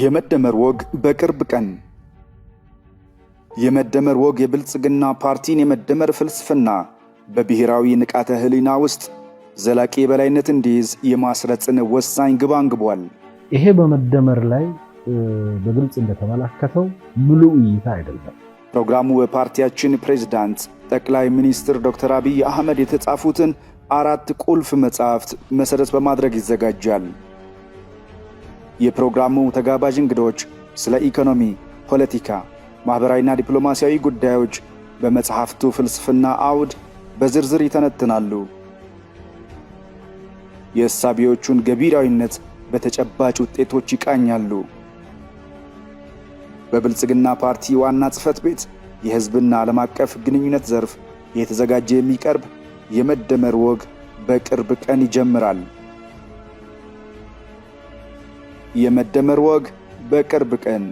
የመደመር ወግ በቅርብ ቀን የመደመር ወግ የብልጽግና ፓርቲን የመደመር ፍልስፍና በብሔራዊ ንቃተ ህሊና ውስጥ ዘላቂ የበላይነት እንዲይዝ የማስረጽን ወሳኝ ግብ አንግቧል። ይሄ በመደመር ላይ በግልጽ እንደተመላከተው ሙሉ እይታ አይደለም። ፕሮግራሙ በፓርቲያችን ፕሬዝዳንት ጠቅላይ ሚኒስትር ዶክተር አብይ አህመድ የተጻፉትን አራት ቁልፍ መጻሕፍት መሠረት በማድረግ ይዘጋጃል። የፕሮግራሙ ተጋባዥ እንግዶች ስለ ኢኮኖሚ፣ ፖለቲካ፣ ማኅበራዊና ዲፕሎማሲያዊ ጉዳዮች በመጽሐፍቱ ፍልስፍና አውድ በዝርዝር ይተነትናሉ። የእሳቢዎቹን ገቢራዊነት በተጨባጭ ውጤቶች ይቃኛሉ። በብልጽግና ፓርቲ ዋና ጽሕፈት ቤት የሕዝብና ዓለም አቀፍ ግንኙነት ዘርፍ የተዘጋጀ የሚቀርብ የመደመር ወግ በቅርብ ቀን ይጀምራል። የመደመር ወግ በቅርብ ቀን